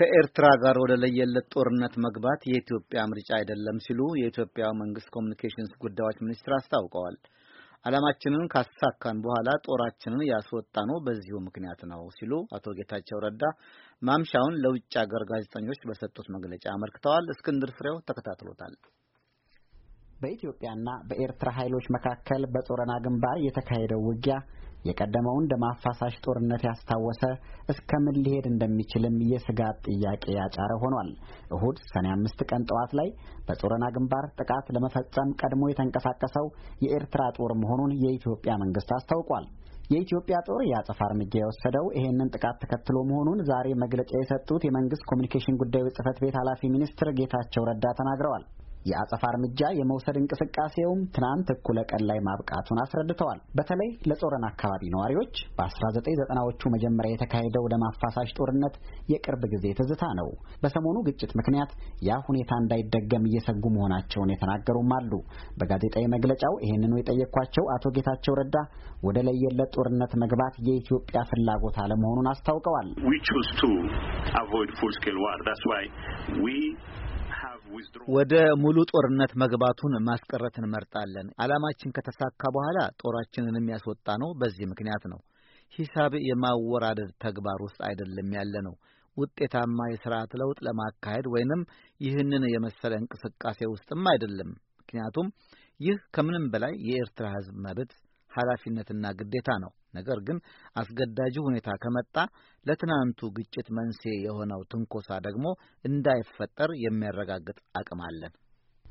ከኤርትራ ጋር ወደ ለየለት ጦርነት መግባት የኢትዮጵያ ምርጫ አይደለም ሲሉ የኢትዮጵያ መንግስት ኮሚኒኬሽንስ ጉዳዮች ሚኒስትር አስታውቀዋል። ዓላማችንን ካሳካን በኋላ ጦራችንን ነው በዚሁ ምክንያት ነው ሲሉ አቶ ጌታቸው ረዳ ማምሻውን ለውጭ አገር ጋዜጠኞች በሰጡት መግለጫ አመልክተዋል። እስክንድር ፍሬው ተከታትሎታል። በኢትዮጵያና በኤርትራ ኃይሎች መካከል በጾረና ግንባር የተካሄደው ውጊያ የቀደመውን ደም አፋሳሽ ጦርነት ያስታወሰ እስከ ምን ሊሄድ እንደሚችልም የስጋት ጥያቄ ያጫረ ሆኗል። እሁድ ሰኔ አምስት ቀን ጠዋት ላይ በጾረና ግንባር ጥቃት ለመፈጸም ቀድሞ የተንቀሳቀሰው የኤርትራ ጦር መሆኑን የኢትዮጵያ መንግስት አስታውቋል። የኢትዮጵያ ጦር የአጸፋ እርምጃ የወሰደው ይህንን ጥቃት ተከትሎ መሆኑን ዛሬ መግለጫ የሰጡት የመንግስት ኮሚኒኬሽን ጉዳዮች ጽህፈት ቤት ኃላፊ ሚኒስትር ጌታቸው ረዳ ተናግረዋል። የአጸፋ እርምጃ የመውሰድ እንቅስቃሴውም ትናንት እኩለ ቀን ላይ ማብቃቱን አስረድተዋል። በተለይ ለጾረን አካባቢ ነዋሪዎች በ1990ዎቹ መጀመሪያ የተካሄደው ደም አፋሳሽ ጦርነት የቅርብ ጊዜ ትዝታ ነው። በሰሞኑ ግጭት ምክንያት ያ ሁኔታ እንዳይደገም እየሰጉ መሆናቸውን የተናገሩም አሉ። በጋዜጣዊ መግለጫው ይህንኑ የጠየኳቸው አቶ ጌታቸው ረዳ ወደ ለየለት ጦርነት መግባት የኢትዮጵያ ፍላጎት አለመሆኑን አስታውቀዋል። ወደ ሙሉ ጦርነት መግባቱን ማስቀረት እንመርጣለን። ዓላማችን ከተሳካ በኋላ ጦራችንን የሚያስወጣ ነው። በዚህ ምክንያት ነው ሂሳብ የማወራደድ ተግባር ውስጥ አይደለም ያለ ነው። ውጤታማ የስርዓት ለውጥ ለማካሄድ ወይንም ይህንን የመሰለ እንቅስቃሴ ውስጥም አይደለም። ምክንያቱም ይህ ከምንም በላይ የኤርትራ ሕዝብ መብት ኃላፊነትና ግዴታ ነው። ነገር ግን አስገዳጁ ሁኔታ ከመጣ ለትናንቱ ግጭት መንስኤ የሆነው ትንኮሳ ደግሞ እንዳይፈጠር የሚያረጋግጥ አቅም አለን።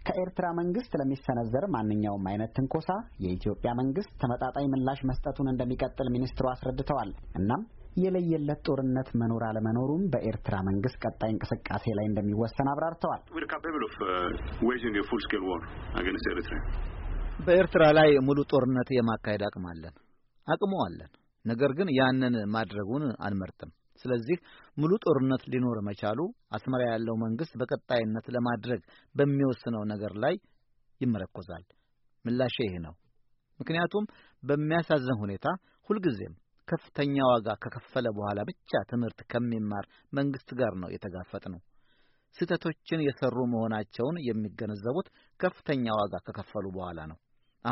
ከኤርትራ መንግስት ለሚሰነዘር ማንኛውም አይነት ትንኮሳ የኢትዮጵያ መንግስት ተመጣጣኝ ምላሽ መስጠቱን እንደሚቀጥል ሚኒስትሩ አስረድተዋል። እናም የለየለት ጦርነት መኖር አለመኖሩም በኤርትራ መንግስት ቀጣይ እንቅስቃሴ ላይ እንደሚወሰን አብራርተዋል። uh, በኤርትራ ላይ ሙሉ ጦርነት የማካሄድ አቅም አለን። አቅመዋለን። ነገር ግን ያንን ማድረጉን አንመርጥም። ስለዚህ ሙሉ ጦርነት ሊኖር መቻሉ አስመራ ያለው መንግስት በቀጣይነት ለማድረግ በሚወስነው ነገር ላይ ይመረኮዛል። ምላሽ ይሄ ነው። ምክንያቱም በሚያሳዝን ሁኔታ ሁልጊዜም ከፍተኛ ዋጋ ከከፈለ በኋላ ብቻ ትምህርት ከሚማር መንግስት ጋር ነው የተጋፈጥ ነው። ስህተቶችን የሰሩ መሆናቸውን የሚገነዘቡት ከፍተኛ ዋጋ ከከፈሉ በኋላ ነው።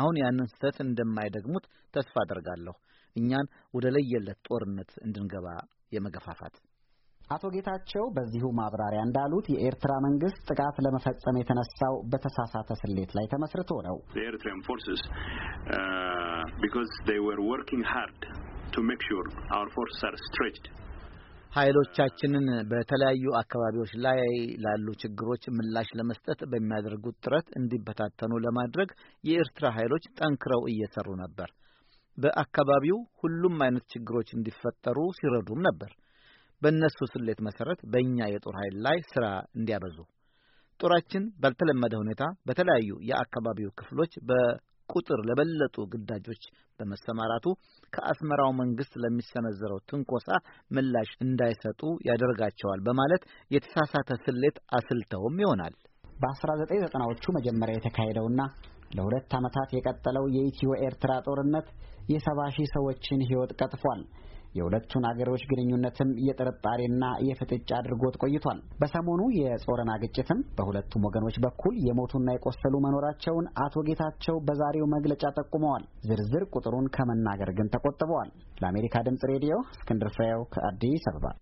አሁን ያንን ስህተት እንደማይደግሙት ተስፋ አደርጋለሁ። እኛን ወደ ለየለት ጦርነት እንድንገባ የመገፋፋት አቶ ጌታቸው በዚሁ ማብራሪያ እንዳሉት የኤርትራ መንግስት ጥቃት ለመፈጸም የተነሳው በተሳሳተ ስሌት ላይ ተመስርቶ ነው። ኤርትራን ፎርስስ ቢኮዝ ዜይ ወር ወርኪንግ ሃርድ ቱ ሜክ ሹር አወር ፎርስስ አር ስትሬችድ ኃይሎቻችንን በተለያዩ አካባቢዎች ላይ ላሉ ችግሮች ምላሽ ለመስጠት በሚያደርጉት ጥረት እንዲበታተኑ ለማድረግ የኤርትራ ኃይሎች ጠንክረው እየሰሩ ነበር። በአካባቢው ሁሉም አይነት ችግሮች እንዲፈጠሩ ሲረዱም ነበር። በእነሱ ስሌት መሠረት በእኛ የጦር ኃይል ላይ ሥራ እንዲያበዙ ጦራችን ባልተለመደ ሁኔታ በተለያዩ የአካባቢው ክፍሎች በ ቁጥር ለበለጡ ግዳጆች በመሰማራቱ ከአስመራው መንግስት ለሚሰነዘረው ትንኮሳ ምላሽ እንዳይሰጡ ያደርጋቸዋል በማለት የተሳሳተ ስሌት አስልተውም ይሆናል። በ1990ዎቹ መጀመሪያ የተካሄደውና ለሁለት ዓመታት የቀጠለው የኢትዮ ኤርትራ ጦርነት የሰባ ሺህ ሰዎችን ሕይወት ቀጥፏል። የሁለቱን አገሮች ግንኙነትም የጥርጣሬና የፍጥጫ አድርጎት ቆይቷል። በሰሞኑ የጾረና ግጭትም በሁለቱም ወገኖች በኩል የሞቱና የቆሰሉ መኖራቸውን አቶ ጌታቸው በዛሬው መግለጫ ጠቁመዋል። ዝርዝር ቁጥሩን ከመናገር ግን ተቆጥበዋል። ለአሜሪካ ድምጽ ሬዲዮ እስክንድር ፍሬው ከአዲስ አበባ